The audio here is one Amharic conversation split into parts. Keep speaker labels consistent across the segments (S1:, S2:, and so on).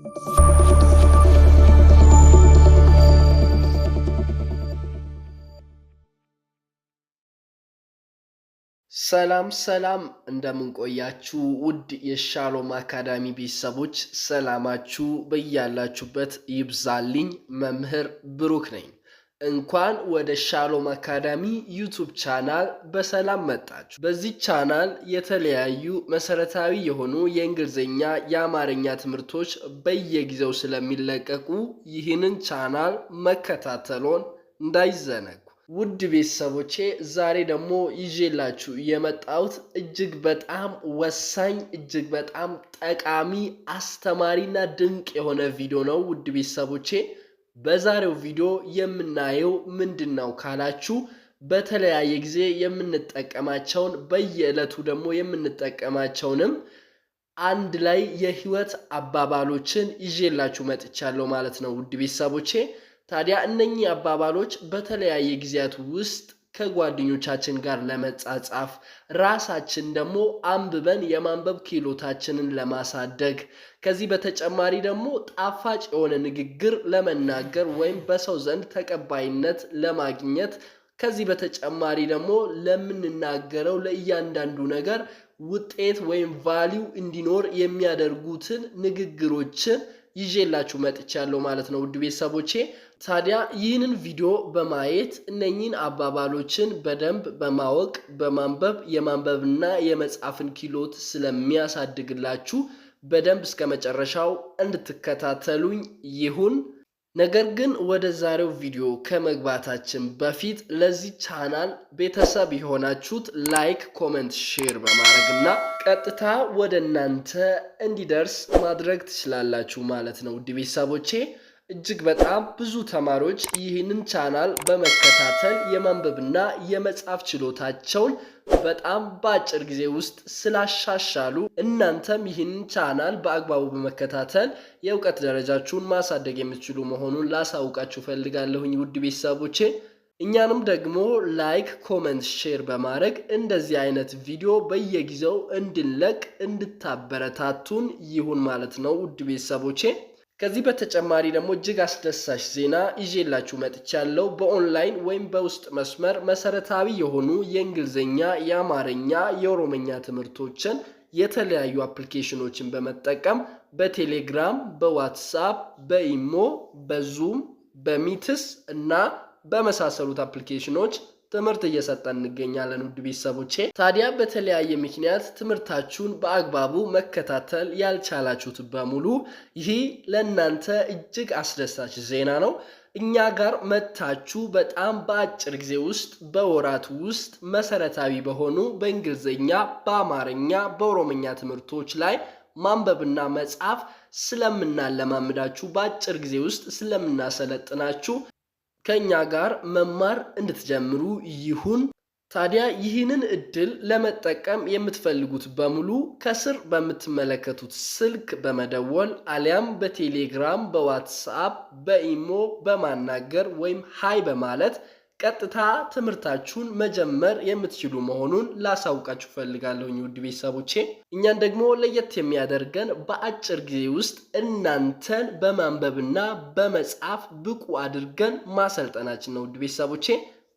S1: ሰላም ሰላም፣ እንደምንቆያችሁ ውድ የሻሎም አካዳሚ ቤተሰቦች፣ ሰላማችሁ በያላችሁበት ይብዛልኝ። መምህር ብሩክ ነኝ። እንኳን ወደ ሻሎም አካዳሚ ዩቱብ ቻናል በሰላም መጣችሁ። በዚህ ቻናል የተለያዩ መሰረታዊ የሆኑ የእንግሊዝኛ፣ የአማርኛ ትምህርቶች በየጊዜው ስለሚለቀቁ ይህንን ቻናል መከታተሎን እንዳይዘነጉ። ውድ ቤተሰቦቼ ዛሬ ደግሞ ይዤላችሁ የመጣሁት እጅግ በጣም ወሳኝ እጅግ በጣም ጠቃሚ አስተማሪና ድንቅ የሆነ ቪዲዮ ነው። ውድ ቤተሰቦቼ በዛሬው ቪዲዮ የምናየው ምንድን ነው ካላችሁ በተለያየ ጊዜ የምንጠቀማቸውን በየዕለቱ ደግሞ የምንጠቀማቸውንም አንድ ላይ የህይወት አባባሎችን ይዤላችሁ መጥቻለሁ ማለት ነው ውድ ቤተሰቦቼ። ታዲያ እነኚህ አባባሎች በተለያየ ጊዜያት ውስጥ ከጓደኞቻችን ጋር ለመጻጻፍ ራሳችን ደግሞ አንብበን የማንበብ ክህሎታችንን ለማሳደግ ከዚህ በተጨማሪ ደግሞ ጣፋጭ የሆነ ንግግር ለመናገር ወይም በሰው ዘንድ ተቀባይነት ለማግኘት ከዚህ በተጨማሪ ደግሞ ለምንናገረው ለእያንዳንዱ ነገር ውጤት ወይም ቫሊው እንዲኖር የሚያደርጉትን ንግግሮችን ይዤላችሁ መጥቻለሁ ማለት ነው ውድ ቤተሰቦቼ። ታዲያ ይህንን ቪዲዮ በማየት እነኚህን አባባሎችን በደንብ በማወቅ በማንበብ የማንበብና የመጻፍን ኪሎት ስለሚያሳድግላችሁ በደንብ እስከ መጨረሻው እንድትከታተሉኝ ይሁን። ነገር ግን ወደ ዛሬው ቪዲዮ ከመግባታችን በፊት ለዚህ ቻናል ቤተሰብ የሆናችሁት ላይክ፣ ኮመንት፣ ሼር በማድረግ እና ቀጥታ ወደ እናንተ እንዲደርስ ማድረግ ትችላላችሁ ማለት ነው ውድ ቤተሰቦቼ። እጅግ በጣም ብዙ ተማሪዎች ይህንን ቻናል በመከታተል የማንበብና የመጻፍ ችሎታቸውን በጣም በአጭር ጊዜ ውስጥ ስላሻሻሉ እናንተም ይህንን ቻናል በአግባቡ በመከታተል የእውቀት ደረጃችሁን ማሳደግ የምትችሉ መሆኑን ላሳውቃችሁ ፈልጋለሁኝ ውድ ቤተሰቦቼ። እኛንም ደግሞ ላይክ፣ ኮመንት፣ ሼር በማድረግ እንደዚህ አይነት ቪዲዮ በየጊዜው እንድንለቅ እንድታበረታቱን ይሁን ማለት ነው ውድ ቤተሰቦቼ። ከዚህ በተጨማሪ ደግሞ እጅግ አስደሳች ዜና ይዤላችሁ መጥቻለሁ። በኦንላይን ወይም በውስጥ መስመር መሰረታዊ የሆኑ የእንግሊዝኛ፣ የአማርኛ፣ የኦሮምኛ ትምህርቶችን የተለያዩ አፕሊኬሽኖችን በመጠቀም በቴሌግራም፣ በዋትሳፕ፣ በኢሞ፣ በዙም፣ በሚትስ እና በመሳሰሉት አፕሊኬሽኖች ትምህርት እየሰጠን እንገኛለን። ውድ ቤተሰቦቼ ታዲያ በተለያየ ምክንያት ትምህርታችሁን በአግባቡ መከታተል ያልቻላችሁት በሙሉ ይህ ለእናንተ እጅግ አስደሳች ዜና ነው። እኛ ጋር መታችሁ በጣም በአጭር ጊዜ ውስጥ በወራት ውስጥ መሰረታዊ በሆኑ በእንግሊዝኛ፣ በአማርኛ፣ በኦሮምኛ ትምህርቶች ላይ ማንበብና መጻፍ ስለምናለማምዳችሁ በአጭር ጊዜ ውስጥ ስለምናሰለጥናችሁ ከእኛ ጋር መማር እንድትጀምሩ ይሁን። ታዲያ ይህንን እድል ለመጠቀም የምትፈልጉት በሙሉ ከስር በምትመለከቱት ስልክ በመደወል አሊያም በቴሌግራም፣ በዋትስአፕ፣ በኢሞ በማናገር ወይም ሃይ በማለት ቀጥታ ትምህርታችሁን መጀመር የምትችሉ መሆኑን ላሳውቃችሁ ፈልጋለሁኝ ውድ ቤተሰቦቼ። እኛን ደግሞ ለየት የሚያደርገን በአጭር ጊዜ ውስጥ እናንተን በማንበብና በመጻፍ ብቁ አድርገን ማሰልጠናችን ነው ውድ ቤተሰቦቼ።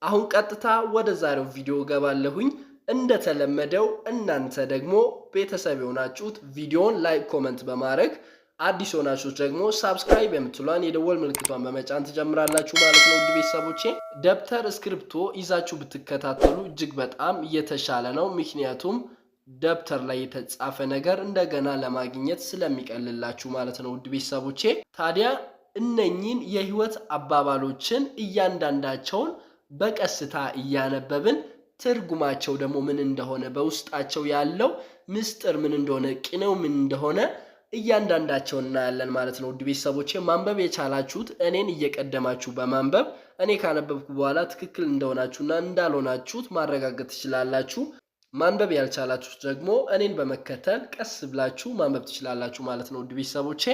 S1: አሁን ቀጥታ ወደ ዛሬው ቪዲዮ ገባለሁኝ። እንደተለመደው እናንተ ደግሞ ቤተሰብ የሆናችሁት ቪዲዮን ላይክ፣ ኮመንት በማድረግ አዲስ ሆናችሁ ደግሞ ሳብስክራይብ የምትሏን የደወል ምልክቷን በመጫን ትጀምራላችሁ ማለት ነው። ውድ ቤተሰቦቼ ደብተር እስክሪብቶ ይዛችሁ ብትከታተሉ እጅግ በጣም እየተሻለ ነው። ምክንያቱም ደብተር ላይ የተጻፈ ነገር እንደገና ለማግኘት ስለሚቀልላችሁ ማለት ነው። ውድ ቤተሰቦቼ ታዲያ እነኚህን የህይወት አባባሎችን እያንዳንዳቸውን በቀስታ እያነበብን ትርጉማቸው ደግሞ ምን እንደሆነ በውስጣቸው ያለው ምስጢር ምን እንደሆነ ቅኔው ምን እንደሆነ እያንዳንዳቸው እናያለን ማለት ነው። ውድ ቤተሰቦቼ ማንበብ የቻላችሁት እኔን እየቀደማችሁ በማንበብ እኔ ካነበብኩ በኋላ ትክክል እንደሆናችሁና እንዳልሆናችሁት ማረጋገጥ ትችላላችሁ። ማንበብ ያልቻላችሁት ደግሞ እኔን በመከተል ቀስ ብላችሁ ማንበብ ትችላላችሁ ማለት ነው። ውድ ቤተሰቦቼ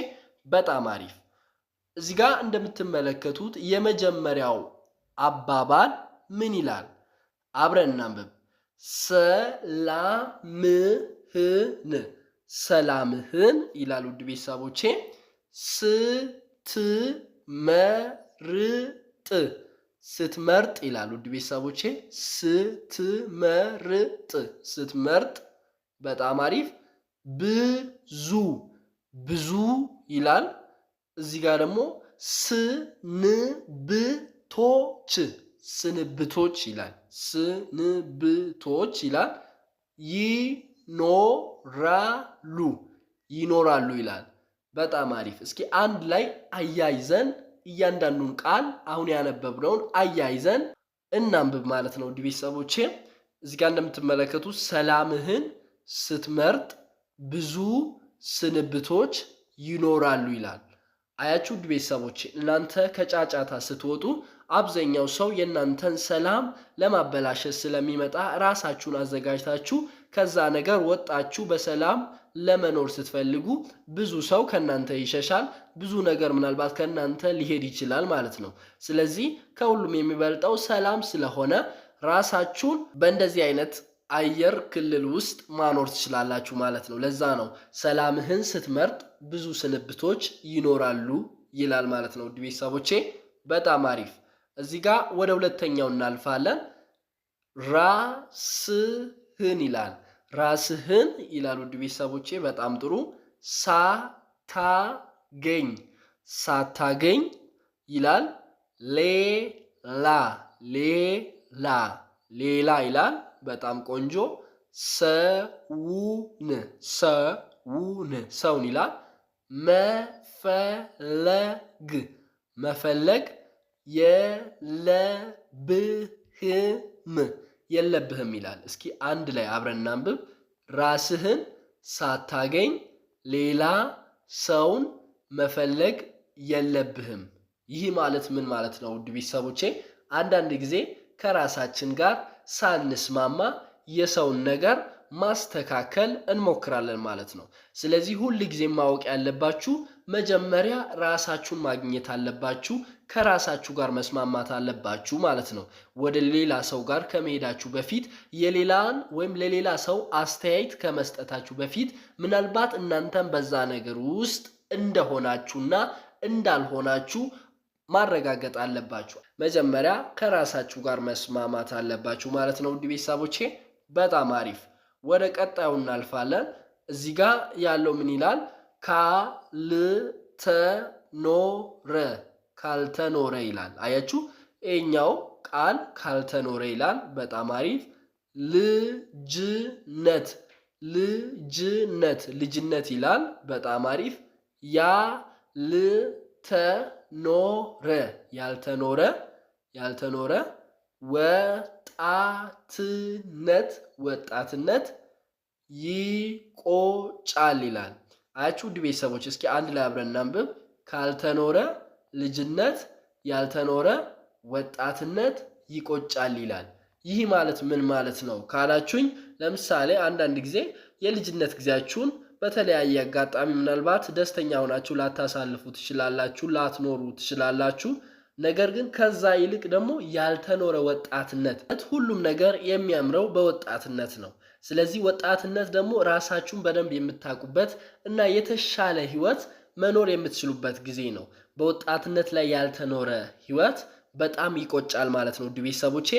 S1: በጣም አሪፍ። እዚህ ጋር እንደምትመለከቱት የመጀመሪያው አባባል ምን ይላል? አብረን እናንብብ። ሰላምህን ሰላምህን ይላል። ውድ ቤተሰቦቼ ስትመርጥ ስትመርጥ ይላል። ውድ ቤተሰቦቼ ስትመርጥ ስትመርጥ በጣም አሪፍ። ብዙ ብዙ ይላል። እዚህ ጋር ደግሞ ስንብቶች ስንብቶች ይላል። ስንብቶች ይላል። ይኖ ይኖራሉ ይኖራሉ ይላል። በጣም አሪፍ። እስኪ አንድ ላይ አያይዘን እያንዳንዱን ቃል አሁን ያነበብነውን አያይዘን እናንብብ ማለት ነው። ውድ ቤተሰቦቼ እዚህ ጋር እንደምትመለከቱ ሰላምህን ስትመርጥ ብዙ ስንብቶች ይኖራሉ ይላል። አያችሁ ውድ ቤተሰቦቼ እናንተ ከጫጫታ ስትወጡ አብዛኛው ሰው የእናንተን ሰላም ለማበላሸት ስለሚመጣ ራሳችሁን አዘጋጅታችሁ ከዛ ነገር ወጣችሁ በሰላም ለመኖር ስትፈልጉ ብዙ ሰው ከእናንተ ይሸሻል። ብዙ ነገር ምናልባት ከእናንተ ሊሄድ ይችላል ማለት ነው። ስለዚህ ከሁሉም የሚበልጠው ሰላም ስለሆነ ራሳችሁን በእንደዚህ አይነት አየር ክልል ውስጥ ማኖር ትችላላችሁ ማለት ነው። ለዛ ነው ሰላምህን ስትመርጥ ብዙ ስንብቶች ይኖራሉ ይላል ማለት ነው። ውድ ቤተሰቦቼ በጣም አሪፍ። እዚህ ጋር ወደ ሁለተኛው እናልፋለን። ራስ ህን ይላል ራስህን ይላል። ውድ ቤተሰቦቼ በጣም ጥሩ። ሳታገኝ ሳታገኝ ይላል። ሌላ ሌላ ሌላ ይላል። በጣም ቆንጆ። ሰውን ሰውን ሰውን ይላል። መፈለግ መፈለግ የለብህም የለብህም ይላል። እስኪ አንድ ላይ አብረን እናንብብ። ራስህን ሳታገኝ ሌላ ሰውን መፈለግ የለብህም። ይህ ማለት ምን ማለት ነው? ውድ ቤተሰቦቼ አንዳንድ ጊዜ ከራሳችን ጋር ሳንስማማ የሰውን ነገር ማስተካከል እንሞክራለን ማለት ነው። ስለዚህ ሁል ጊዜ ማወቅ ያለባችሁ መጀመሪያ ራሳችሁን ማግኘት አለባችሁ። ከራሳችሁ ጋር መስማማት አለባችሁ ማለት ነው። ወደ ሌላ ሰው ጋር ከመሄዳችሁ በፊት የሌላን ወይም ለሌላ ሰው አስተያየት ከመስጠታችሁ በፊት ምናልባት እናንተን በዛ ነገር ውስጥ እንደሆናችሁና እንዳልሆናችሁ ማረጋገጥ አለባችሁ። መጀመሪያ ከራሳችሁ ጋር መስማማት አለባችሁ ማለት ነው። ውድ ቤተሰቦቼ በጣም አሪፍ። ወደ ቀጣዩ እናልፋለን። እዚህ ጋር ያለው ምን ይላል? ካልተኖረ ካልተኖረ ይላል። አያችሁ ኤኛው ቃል ካልተኖረ ይላል። በጣም አሪፍ። ልጅነት ልጅነት ልጅነት ይላል። በጣም አሪፍ። ያልተኖረ ያልተኖረ ያልተኖረ ወጣትነት ወጣትነት ይቆጫል ይላል። አያችሁ ውድ ቤተሰቦች፣ እስኪ አንድ ላይ አብረን እናንብብ። ካልተኖረ ልጅነት ያልተኖረ ወጣትነት ይቆጫል ይላል። ይህ ማለት ምን ማለት ነው ካላችሁኝ፣ ለምሳሌ አንዳንድ ጊዜ የልጅነት ጊዜያችሁን በተለያየ አጋጣሚ ምናልባት ደስተኛ ሆናችሁ ላታሳልፉ ትችላላችሁ፣ ላትኖሩ ትችላላችሁ። ነገር ግን ከዛ ይልቅ ደግሞ ያልተኖረ ወጣትነት፣ ሁሉም ነገር የሚያምረው በወጣትነት ነው። ስለዚህ ወጣትነት ደግሞ ራሳችሁን በደንብ የምታውቁበት እና የተሻለ ህይወት መኖር የምትችሉበት ጊዜ ነው። በወጣትነት ላይ ያልተኖረ ህይወት በጣም ይቆጫል ማለት ነው። ውድ ቤተሰቦቼ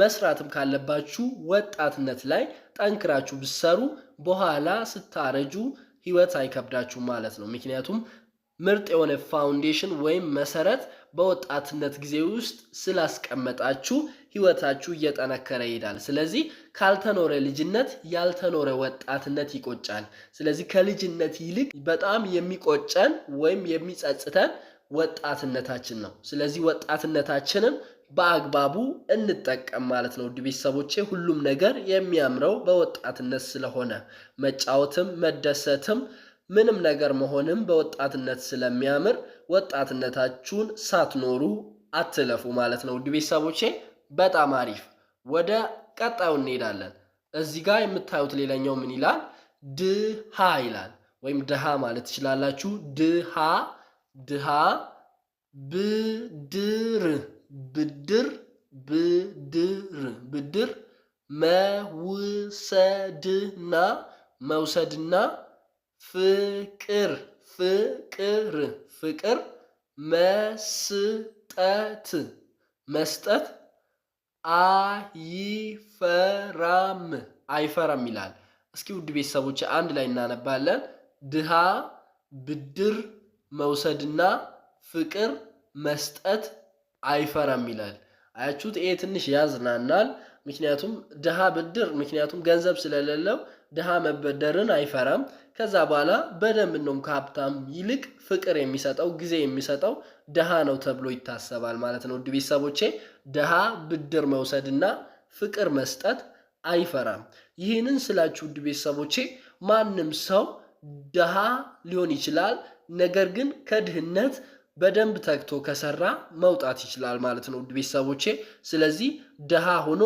S1: መስራትም ካለባችሁ ወጣትነት ላይ ጠንክራችሁ ብትሰሩ በኋላ ስታረጁ ህይወት አይከብዳችሁም ማለት ነው። ምክንያቱም ምርጥ የሆነ ፋውንዴሽን ወይም መሰረት በወጣትነት ጊዜ ውስጥ ስላስቀመጣችሁ ህይወታችሁ እየጠነከረ ይሄዳል። ስለዚህ ካልተኖረ ልጅነት ያልተኖረ ወጣትነት ይቆጫል። ስለዚህ ከልጅነት ይልቅ በጣም የሚቆጨን ወይም የሚጸጽተን ወጣትነታችን ነው። ስለዚህ ወጣትነታችንን በአግባቡ እንጠቀም ማለት ነው። ውድ ቤተሰቦቼ ሁሉም ነገር የሚያምረው በወጣትነት ስለሆነ መጫወትም፣ መደሰትም ምንም ነገር መሆንም በወጣትነት ስለሚያምር ወጣትነታችሁን ሳትኖሩ አትለፉ ማለት ነው። ውድ ቤተሰቦቼ በጣም አሪፍ። ወደ ቀጣዩ እንሄዳለን። እዚህ ጋር የምታዩት ሌላኛው ምን ይላል? ድሃ ይላል። ወይም ድሃ ማለት ትችላላችሁ። ድሃ ድሃ ብድር ብድር ብድር ብድር መውሰድና መውሰድና ፍቅር ፍቅር ፍቅር መስጠት መስጠት አይፈራም አይፈራም ይላል። እስኪ ውድ ቤተሰቦች አንድ ላይ እናነባለን። ድሃ ብድር መውሰድና ፍቅር መስጠት አይፈራም ይላል። አያችሁት? ይሄ ትንሽ ያዝናናል። ምክንያቱም ድሃ ብድር ምክንያቱም ገንዘብ ስለሌለው ድሃ መበደርን አይፈራም። ከዛ በኋላ በደንብ እንደውም ከሀብታም ይልቅ ፍቅር የሚሰጠው ጊዜ የሚሰጠው ድሃ ነው ተብሎ ይታሰባል ማለት ነው። ውድ ቤተሰቦቼ ድሃ ብድር መውሰድና ፍቅር መስጠት አይፈራም። ይህንን ስላችሁ ውድ ቤተሰቦቼ ማንም ሰው ድሃ ሊሆን ይችላል፣ ነገር ግን ከድህነት በደንብ ተግቶ ከሰራ መውጣት ይችላል ማለት ነው። ውድ ቤተሰቦቼ ስለዚህ ድሃ ሆኖ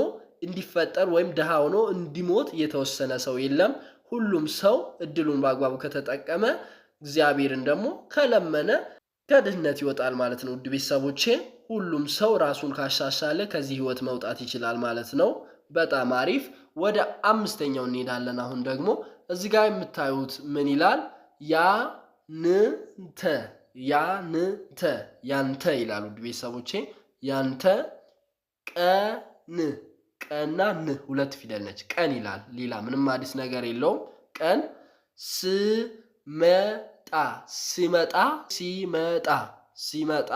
S1: እንዲፈጠር ወይም ድሃ ሆኖ እንዲሞት የተወሰነ ሰው የለም። ሁሉም ሰው እድሉን በአግባቡ ከተጠቀመ እግዚአብሔርን ደግሞ ከለመነ ከድህነት ይወጣል ማለት ነው። ውድ ቤተሰቦቼ ሁሉም ሰው ራሱን ካሻሻለ ከዚህ ህይወት መውጣት ይችላል ማለት ነው። በጣም አሪፍ። ወደ አምስተኛው እንሄዳለን። አሁን ደግሞ እዚህ ጋር የምታዩት ምን ይላል? ያንተ ያንተ ያንተ ይላል። ውድ ቤተሰቦቼ ያንተ ቀን ቀና ን ሁለት ፊደል ነች። ቀን ይላል። ሌላ ምንም አዲስ ነገር የለውም። ቀን ስመጣ ሲመጣ ሲመጣ ሲመጣ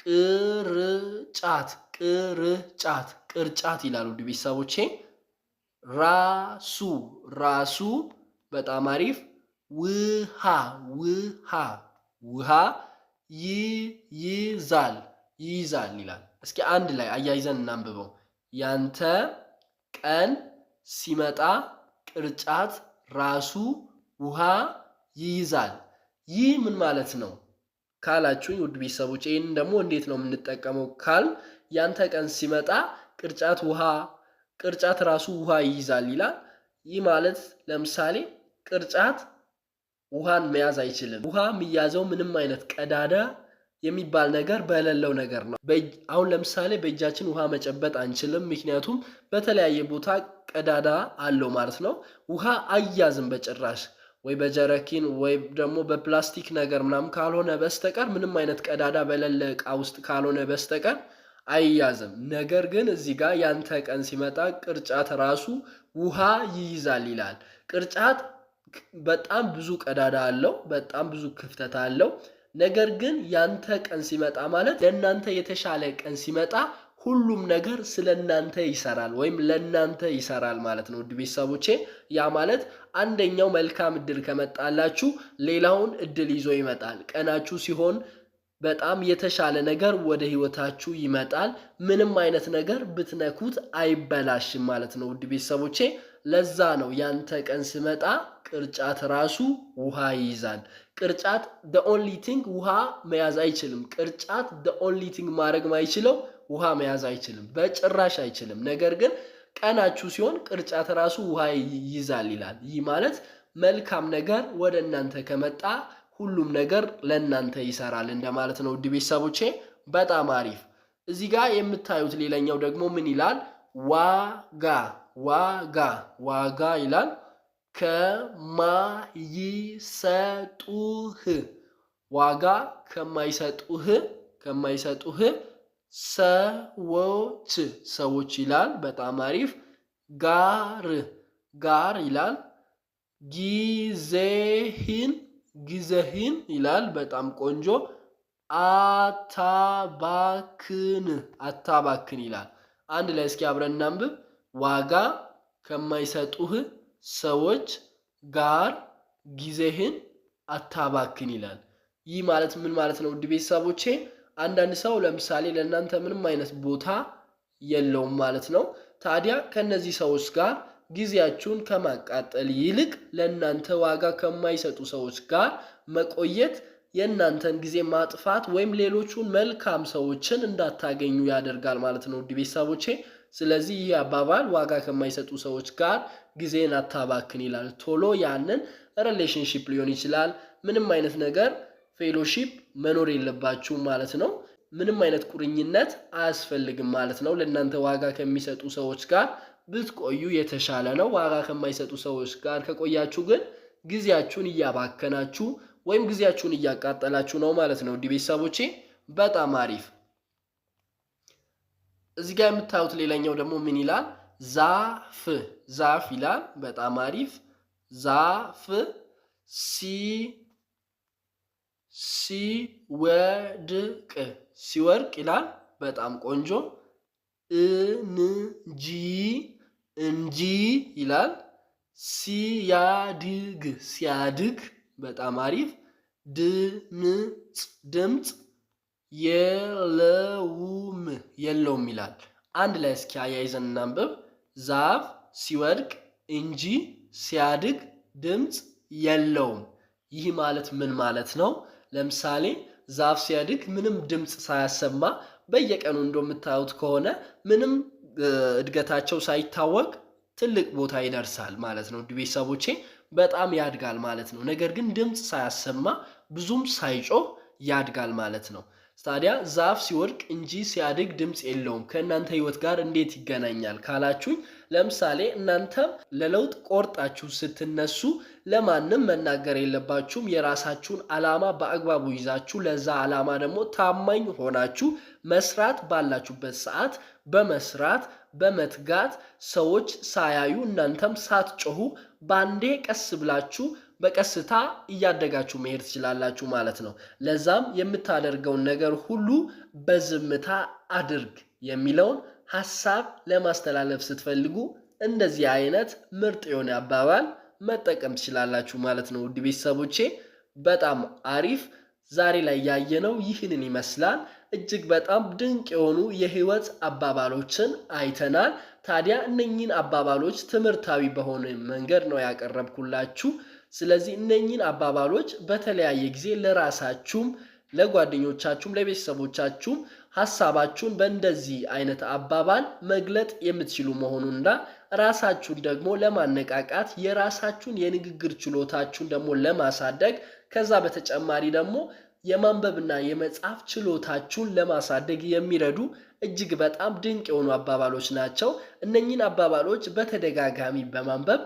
S1: ቅርጫት ቅርጫት ቅርጫት ይላሉ። ውድ ቤተሰቦቼ ራሱ ራሱ በጣም አሪፍ ውሃ ውሃ ውሃ ይይዛል ይይዛል ይላል። እስኪ አንድ ላይ አያይዘን እናንብበው። ያንተ ቀን ሲመጣ ቅርጫት ራሱ ውሃ ይይዛል። ይህ ምን ማለት ነው ካላችሁኝ፣ ውድ ቤተሰቦች ይህን ደግሞ እንዴት ነው የምንጠቀመው ካል ያንተ ቀን ሲመጣ ቅርጫት ውሃ ቅርጫት ራሱ ውሃ ይይዛል ይላል። ይህ ማለት ለምሳሌ ቅርጫት ውሃን መያዝ አይችልም። ውሃ የሚያዘው ምንም አይነት ቀዳዳ የሚባል ነገር በሌለው ነገር ነው። አሁን ለምሳሌ በእጃችን ውሃ መጨበጥ አንችልም፣ ምክንያቱም በተለያየ ቦታ ቀዳዳ አለው ማለት ነው። ውሃ አያዝም በጭራሽ ወይ በጀረኪን ወይ ደግሞ በፕላስቲክ ነገር ምናምን ካልሆነ በስተቀር ምንም አይነት ቀዳዳ በሌለ ዕቃ ውስጥ ካልሆነ በስተቀር አይያዝም። ነገር ግን እዚህ ጋር ያንተ ቀን ሲመጣ ቅርጫት ራሱ ውሃ ይይዛል ይላል። ቅርጫት በጣም ብዙ ቀዳዳ አለው፣ በጣም ብዙ ክፍተት አለው። ነገር ግን ያንተ ቀን ሲመጣ ማለት ለእናንተ የተሻለ ቀን ሲመጣ ሁሉም ነገር ስለ እናንተ ይሰራል ወይም ለእናንተ ይሰራል ማለት ነው። ውድ ቤተሰቦቼ ያ ማለት አንደኛው መልካም እድል ከመጣላችሁ ሌላውን እድል ይዞ ይመጣል። ቀናችሁ ሲሆን በጣም የተሻለ ነገር ወደ ህይወታችሁ ይመጣል። ምንም አይነት ነገር ብትነኩት አይበላሽም ማለት ነው። ውድ ቤተሰቦቼ ለዛ ነው ያንተ ቀን ሲመጣ ቅርጫት ራሱ ውሃ ይይዛል። ቅርጫት ደ ኦንሊ ቲንግ ውሃ መያዝ አይችልም። ቅርጫት ደ ኦንሊ ቲንግ ማድረግ ማይችለው ውሃ መያዝ አይችልም፣ በጭራሽ አይችልም። ነገር ግን ቀናችሁ ሲሆን ቅርጫት ራሱ ውሃ ይይዛል ይላል። ይህ ማለት መልካም ነገር ወደ እናንተ ከመጣ ሁሉም ነገር ለእናንተ ይሰራል እንደማለት ነው። ውድ ቤተሰቦቼ በጣም አሪፍ። እዚህ ጋር የምታዩት ሌላኛው ደግሞ ምን ይላል? ዋጋ ዋጋ ዋጋ ይላል። ከማይሰጡህ ዋጋ ከማይሰጡህ ከማይሰጡህ ሰዎች ሰዎች ይላል። በጣም አሪፍ። ጋር ጋር ይላል። ጊዜህን ጊዜህን ይላል። በጣም ቆንጆ። አታባክን አታባክን ይላል። አንድ ላይ እስኪ አብረን እናንብብ። ዋጋ ከማይሰጡህ ሰዎች ጋር ጊዜህን አታባክን ይላል። ይህ ማለት ምን ማለት ነው? ውድ ቤተሰቦቼ አንዳንድ ሰው ለምሳሌ ለእናንተ ምንም አይነት ቦታ የለውም ማለት ነው። ታዲያ ከእነዚህ ሰዎች ጋር ጊዜያችሁን ከማቃጠል ይልቅ ለእናንተ ዋጋ ከማይሰጡ ሰዎች ጋር መቆየት የእናንተን ጊዜ ማጥፋት ወይም ሌሎቹን መልካም ሰዎችን እንዳታገኙ ያደርጋል ማለት ነው። ውድ ቤተሰቦቼ ስለዚህ ይህ አባባል ዋጋ ከማይሰጡ ሰዎች ጋር ጊዜን አታባክን ይላል። ቶሎ ያንን ሪሌሽንሽፕ ሊሆን ይችላል፣ ምንም አይነት ነገር ፌሎሺፕ መኖር የለባችሁም ማለት ነው። ምንም አይነት ቁርኝነት አያስፈልግም ማለት ነው። ለእናንተ ዋጋ ከሚሰጡ ሰዎች ጋር ብትቆዩ የተሻለ ነው። ዋጋ ከማይሰጡ ሰዎች ጋር ከቆያችሁ ግን ጊዜያችሁን እያባከናችሁ ወይም ጊዜያችሁን እያቃጠላችሁ ነው ማለት ነው። እንዲህ ቤተሰቦቼ በጣም አሪፍ። እዚህ ጋር የምታዩት ሌላኛው ደግሞ ምን ይላል? ዛፍ ዛፍ ይላል። በጣም አሪፍ ዛፍ ሲ ሲወድቅ ሲወድቅ ይላል። በጣም ቆንጆ እንጂ እንጂ ይላል። ሲያድግ ሲያድግ በጣም አሪፍ። ድምፅ ድምፅ የለውም የለውም ይላል። አንድ ላይ እስኪ አያይዘን እናንብብ። ዛፍ ሲወድቅ እንጂ ሲያድግ ድምፅ የለውም። ይህ ማለት ምን ማለት ነው? ለምሳሌ ዛፍ ሲያድግ ምንም ድምፅ ሳያሰማ በየቀኑ እንደምታዩት ከሆነ ምንም እድገታቸው ሳይታወቅ ትልቅ ቦታ ይደርሳል ማለት ነው። ቤተሰቦቼ በጣም ያድጋል ማለት ነው። ነገር ግን ድምፅ ሳያሰማ ብዙም ሳይጮህ ያድጋል ማለት ነው። ታዲያ ዛፍ ሲወድቅ እንጂ ሲያድግ ድምፅ የለውም ከእናንተ ህይወት ጋር እንዴት ይገናኛል ካላችሁኝ፣ ለምሳሌ እናንተም ለለውጥ ቆርጣችሁ ስትነሱ ለማንም መናገር የለባችሁም። የራሳችሁን አላማ በአግባቡ ይዛችሁ ለዛ አላማ ደግሞ ታማኝ ሆናችሁ መስራት ባላችሁበት ሰዓት በመስራት በመትጋት ሰዎች ሳያዩ እናንተም ሳትጮሁ ባንዴ ቀስ ብላችሁ በቀስታ እያደጋችሁ መሄድ ትችላላችሁ ማለት ነው። ለዛም የምታደርገውን ነገር ሁሉ በዝምታ አድርግ የሚለውን ሀሳብ ለማስተላለፍ ስትፈልጉ እንደዚህ አይነት ምርጥ የሆነ አባባል መጠቀም ትችላላችሁ ማለት ነው። ውድ ቤተሰቦቼ በጣም አሪፍ ዛሬ ላይ ያየነው ይህንን ይመስላል። እጅግ በጣም ድንቅ የሆኑ የህይወት አባባሎችን አይተናል። ታዲያ እነኝን አባባሎች ትምህርታዊ በሆነ መንገድ ነው ያቀረብኩላችሁ። ስለዚህ እነኝን አባባሎች በተለያየ ጊዜ ለራሳችሁም ለጓደኞቻችሁም ለቤተሰቦቻችሁም ሀሳባችሁን በእንደዚህ አይነት አባባል መግለጥ የምትችሉ መሆኑና ራሳችሁን ደግሞ ለማነቃቃት የራሳችሁን የንግግር ችሎታችሁን ደግሞ ለማሳደግ ከዛ በተጨማሪ ደግሞ የማንበብና የመጻፍ ችሎታችሁን ለማሳደግ የሚረዱ እጅግ በጣም ድንቅ የሆኑ አባባሎች ናቸው። እነኚህን አባባሎች በተደጋጋሚ በማንበብ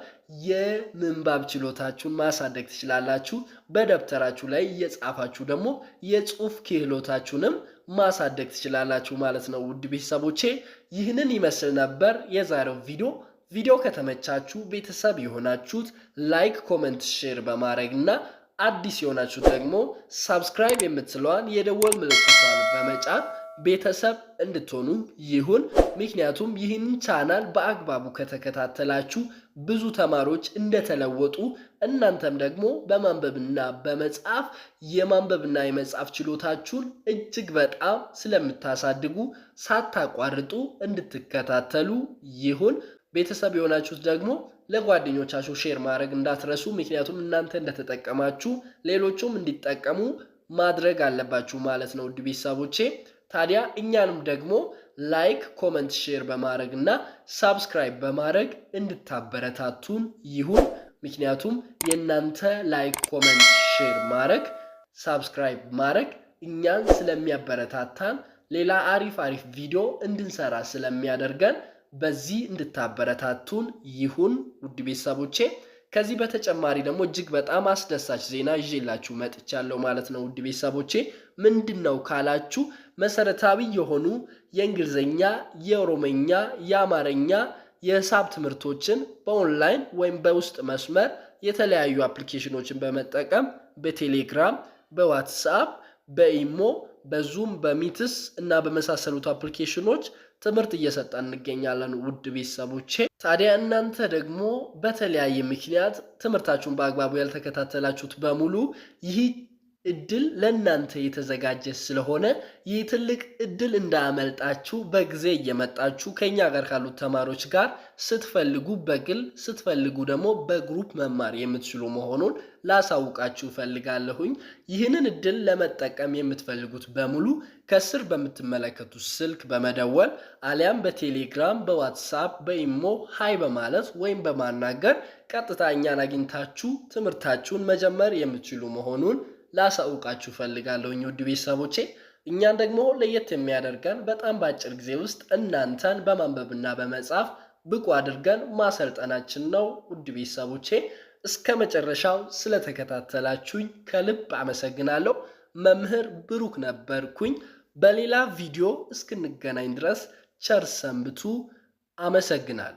S1: የምንባብ ችሎታችሁን ማሳደግ ትችላላችሁ። በደብተራችሁ ላይ እየጻፋችሁ ደግሞ የጽሁፍ ክህሎታችሁንም ማሳደግ ትችላላችሁ ማለት ነው። ውድ ቤተሰቦቼ ይህንን ይመስል ነበር የዛሬው ቪዲዮ። ቪዲዮ ከተመቻችሁ ቤተሰብ የሆናችሁት ላይክ፣ ኮመንት፣ ሼር በማድረግ እና አዲስ የሆናችሁ ደግሞ ሳብስክራይብ የምትለዋን የደወል ምልክቷን በመጫን ቤተሰብ እንድትሆኑ ይሁን። ምክንያቱም ይህን ቻናል በአግባቡ ከተከታተላችሁ ብዙ ተማሪዎች እንደተለወጡ እናንተም ደግሞ በማንበብና በመጻፍ የማንበብና የመጻፍ ችሎታችሁን እጅግ በጣም ስለምታሳድጉ ሳታቋርጡ እንድትከታተሉ ይሁን። ቤተሰብ የሆናችሁት ደግሞ ለጓደኞቻችሁ ሼር ማድረግ እንዳትረሱ። ምክንያቱም እናንተ እንደተጠቀማችሁ ሌሎቹም እንዲጠቀሙ ማድረግ አለባችሁ ማለት ነው። ውድ ቤተሰቦቼ ታዲያ እኛንም ደግሞ ላይክ፣ ኮመንት፣ ሼር በማድረግ እና ሳብስክራይብ በማድረግ እንድታበረታቱን ይሁን። ምክንያቱም የእናንተ ላይክ፣ ኮመንት፣ ሼር ማድረግ ሳብስክራይብ ማድረግ እኛን ስለሚያበረታታን ሌላ አሪፍ አሪፍ ቪዲዮ እንድንሰራ ስለሚያደርገን በዚህ እንድታበረታቱን ይሁን ውድ ቤተሰቦቼ። ከዚህ በተጨማሪ ደግሞ እጅግ በጣም አስደሳች ዜና ይዤላችሁ መጥቻለሁ ማለት ነው ውድ ቤተሰቦቼ። ምንድን ነው ካላችሁ መሰረታዊ የሆኑ የእንግሊዝኛ፣ የኦሮመኛ፣ የአማርኛ የሂሳብ ትምህርቶችን በኦንላይን ወይም በውስጥ መስመር የተለያዩ አፕሊኬሽኖችን በመጠቀም በቴሌግራም፣ በዋትስአፕ፣ በኢሞ በዙም በሚትስ እና በመሳሰሉት አፕሊኬሽኖች ትምህርት እየሰጠ እንገኛለን። ውድ ቤተሰቦቼ ታዲያ እናንተ ደግሞ በተለያየ ምክንያት ትምህርታችሁን በአግባቡ ያልተከታተላችሁት በሙሉ ይህ እድል ለእናንተ የተዘጋጀ ስለሆነ ይህ ትልቅ እድል እንዳያመልጣችሁ በጊዜ እየመጣችሁ ከኛ ጋር ካሉት ተማሪዎች ጋር ስትፈልጉ በግል ስትፈልጉ ደግሞ በግሩፕ መማር የምትችሉ መሆኑን ላሳውቃችሁ ፈልጋለሁኝ። ይህንን እድል ለመጠቀም የምትፈልጉት በሙሉ ከስር በምትመለከቱት ስልክ በመደወል አሊያም በቴሌግራም፣ በዋትሳፕ፣ በኢሞ ሀይ በማለት ወይም በማናገር ቀጥታ እኛን አግኝታችሁ ትምህርታችሁን መጀመር የምትችሉ መሆኑን ላሳውቃችሁ ፈልጋለሁኝ ውድ ቤተሰቦቼ። እኛን ደግሞ ለየት የሚያደርገን በጣም በአጭር ጊዜ ውስጥ እናንተን በማንበብና በመጻፍ ብቁ አድርገን ማሰልጠናችን ነው። ውድ ቤተሰቦቼ እስከ መጨረሻው ስለተከታተላችሁኝ ከልብ አመሰግናለሁ። መምህር ብሩክ ነበርኩኝ። በሌላ ቪዲዮ እስክንገናኝ ድረስ ቸር ሰንብቱ። አመሰግናለሁ።